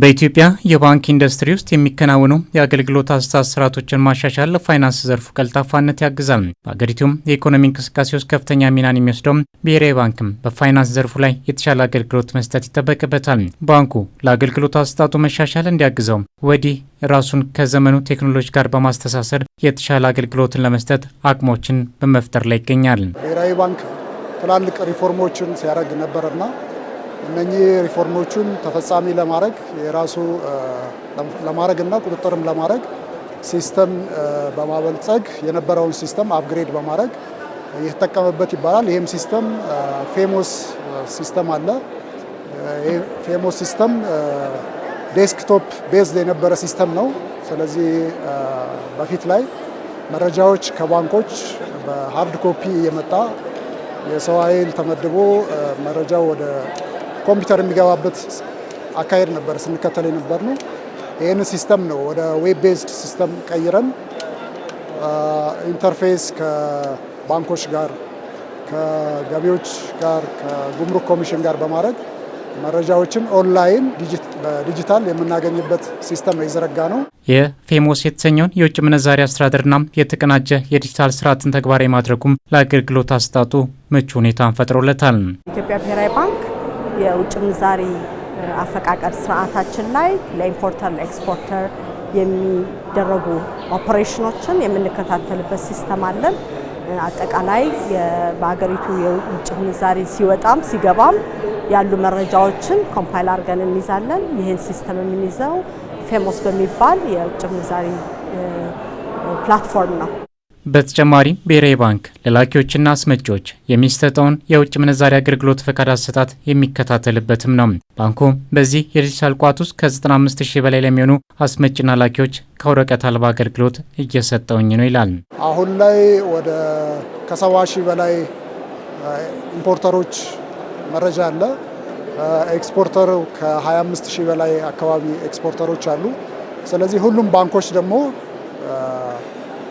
በኢትዮጵያ የባንክ ኢንዱስትሪ ውስጥ የሚከናወኑ የአገልግሎት አሰጣጥ ስርዓቶችን ማሻሻል ለፋይናንስ ዘርፉ ቀልጣፋነት ያግዛል። በአገሪቱም የኢኮኖሚ እንቅስቃሴ ውስጥ ከፍተኛ ሚናን የሚወስደውም ብሔራዊ ባንክም በፋይናንስ ዘርፉ ላይ የተሻለ አገልግሎት መስጠት ይጠበቅበታል። ባንኩ ለአገልግሎት አሰጣጡ መሻሻል እንዲያግዘው ወዲህ ራሱን ከዘመኑ ቴክኖሎጂ ጋር በማስተሳሰር የተሻለ አገልግሎትን ለመስጠት አቅሞችን በመፍጠር ላይ ይገኛል። ብሔራዊ ባንክ ትላልቅ ሪፎርሞችን ሲያደርግ ነበርና እነኚህ ሪፎርሞቹን ተፈጻሚ ለማድረግ የራሱ ለማድረግና ቁጥጥርም ለማድረግ ሲስተም በማበልጸግ የነበረውን ሲስተም አፕግሬድ በማድረግ እየተጠቀመበት ይባላል። ይህም ሲስተም ፌሞስ ሲስተም አለ። ፌሞስ ሲስተም ዴስክቶፕ ቤዝድ የነበረ ሲስተም ነው። ስለዚህ በፊት ላይ መረጃዎች ከባንኮች በሀርድ ኮፒ እየመጣ የሰው ኃይል ተመድቦ መረጃው ወደ ኮምፒውተር የሚገባበት አካሄድ ነበር ስንከተል የነበር ነው። ይህን ሲስተም ነው ወደ ዌብ ቤዝድ ሲስተም ቀይረን ኢንተርፌስ ከባንኮች ጋር፣ ከገቢዎች ጋር፣ ከጉምሩክ ኮሚሽን ጋር በማድረግ መረጃዎችን ኦንላይን በዲጂታል የምናገኝበት ሲስተም ነው የዘረጋ ነው። የፌሞስ የተሰኘውን የውጭ ምንዛሪ አስተዳደርና የተቀናጀ የዲጂታል ስርዓትን ተግባራዊ ማድረጉም ለአገልግሎት አሰጣጡ ምቹ ሁኔታን ፈጥሮለታል። ኢትዮጵያ ብሔራዊ ባንክ የውጭ ምንዛሪ አፈቃቀድ ስርዓታችን ላይ ለኢምፖርተር ለኤክስፖርተር የሚደረጉ ኦፕሬሽኖችን የምንከታተልበት ሲስተም አለን። አጠቃላይ በሀገሪቱ የውጭ ምንዛሪ ሲወጣም ሲገባም ያሉ መረጃዎችን ኮምፓይል አድርገን እንይዛለን። ይህን ሲስተም የምንይዘው ፌሞስ በሚባል የውጭ ምንዛሪ ፕላትፎርም ነው። በተጨማሪም ብሔራዊ ባንክ ለላኪዎችና አስመጪዎች የሚሰጠውን የውጭ ምንዛሪ አገልግሎት ፈቃድ አሰጣት የሚከታተልበትም ነው። ባንኩ በዚህ የዲጂታል ቋት ውስጥ ከ 5 ሺህ በላይ ለሚሆኑ አስመጭና ላኪዎች ከወረቀት አልባ አገልግሎት እየሰጠውኝ ነው ይላል። አሁን ላይ ወደ ከሰባ ሺህ በላይ ኢምፖርተሮች መረጃ አለ። ኤክስፖርተር ከ25 ሺህ በላይ አካባቢ ኤክስፖርተሮች አሉ። ስለዚህ ሁሉም ባንኮች ደግሞ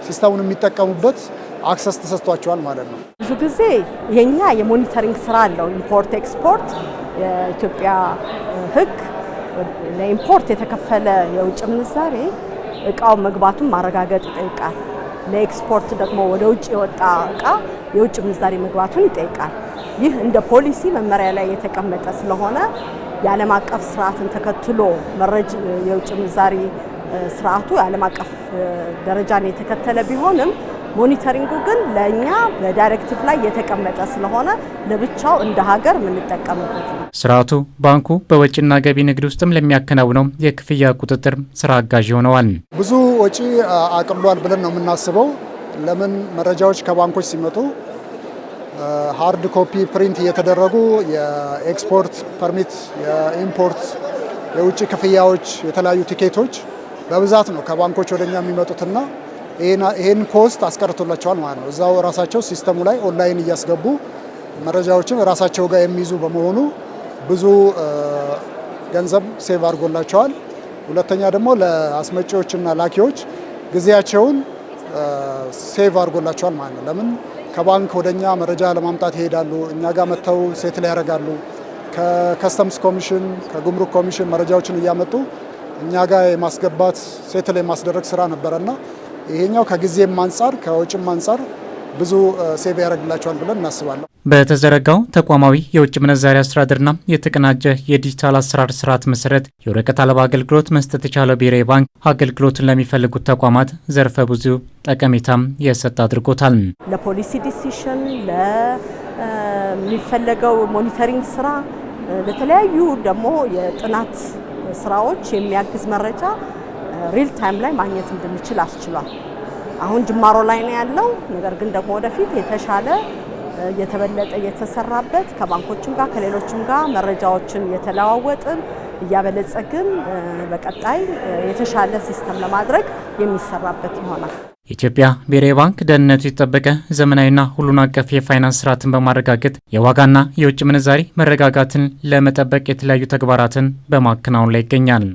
ሲስተሙን የሚጠቀሙበት አክሰስ ተሰጥቷቸዋል ማለት ነው። ብዙ ጊዜ የኛ የሞኒተሪንግ ስራ አለው። ኢምፖርት ኤክስፖርት፣ የኢትዮጵያ ህግ ለኢምፖርት የተከፈለ የውጭ ምንዛሬ እቃው መግባቱን ማረጋገጥ ይጠይቃል። ለኤክስፖርት ደግሞ ወደ ውጭ የወጣ እቃ የውጭ ምንዛሬ መግባቱን ይጠይቃል። ይህ እንደ ፖሊሲ መመሪያ ላይ የተቀመጠ ስለሆነ የዓለም አቀፍ ስርዓትን ተከትሎ መረጅ የውጭ ምንዛሬ ስርዓቱ የዓለም አቀፍ ደረጃን የተከተለ ቢሆንም ሞኒተሪንጉ ግን ለእኛ በዳይሬክቲቭ ላይ የተቀመጠ ስለሆነ ለብቻው እንደ ሀገር የምንጠቀምበት ነው። ስርዓቱ ባንኩ በወጪና ገቢ ንግድ ውስጥም ለሚያከናውነው የክፍያ ቁጥጥር ስራ አጋዥ ሆነዋል። ብዙ ወጪ አቅሏል ብለን ነው የምናስበው። ለምን መረጃዎች ከባንኮች ሲመጡ ሃርድ ኮፒ ፕሪንት እየተደረጉ የኤክስፖርት ፐርሚት፣ የኢምፖርት፣ የውጭ ክፍያዎች፣ የተለያዩ ቲኬቶች በብዛት ነው ከባንኮች ወደኛ የሚመጡትና ይህን ኮስት አስቀርቶላቸዋል ማለት ነው። እዛው ራሳቸው ሲስተሙ ላይ ኦንላይን እያስገቡ መረጃዎችን ራሳቸው ጋር የሚይዙ በመሆኑ ብዙ ገንዘብ ሴቭ አድርጎላቸዋል። ሁለተኛ ደግሞ ለአስመጪዎችና ላኪዎች ጊዜያቸውን ሴቭ አድርጎላቸዋል ማለት ነው። ለምን ከባንክ ወደኛ መረጃ ለማምጣት ይሄዳሉ፣ እኛ ጋር መጥተው ሴትል ያደርጋሉ። ከከስተምስ ኮሚሽን ከጉምሩክ ኮሚሽን መረጃዎችን እያመጡ እኛ ጋር የማስገባት ሴትል የማስደረግ ስራ ነበረና ይሄኛው ከጊዜም አንጻር ከውጭም አንጻር ብዙ ሴቭ ያደርግላቸዋል ብለን እናስባለን። በተዘረጋው ተቋማዊ የውጭ ምንዛሪ አስተዳደርና የተቀናጀ የዲጂታል አሰራር ስርዓት መሰረት የወረቀት አልባ አገልግሎት መስጠት የቻለው ብሔራዊ ባንክ አገልግሎትን ለሚፈልጉት ተቋማት ዘርፈ ብዙ ጠቀሜታም የሰጠ አድርጎታል። ለፖሊሲ ዲሲሽን፣ ለሚፈለገው ሞኒተሪንግ ስራ፣ ለተለያዩ ደግሞ የጥናት ስራዎች የሚያግዝ መረጃ ሪል ታይም ላይ ማግኘት እንድንችል አስችሏል። አሁን ጅማሮ ላይ ነው ያለው። ነገር ግን ደግሞ ወደፊት የተሻለ የተበለጠ የተሰራበት ከባንኮችም ጋር ከሌሎችም ጋር መረጃዎችን የተለዋወጥን እያበለጸግን በቀጣይ የተሻለ ሲስተም ለማድረግ የሚሰራበት ይሆናል። የኢትዮጵያ ብሔራዊ ባንክ ደህንነቱ የተጠበቀ ዘመናዊና ሁሉን አቀፍ የፋይናንስ ስርዓትን በማረጋገጥ የዋጋና የውጭ ምንዛሪ መረጋጋትን ለመጠበቅ የተለያዩ ተግባራትን በማከናወን ላይ ይገኛል።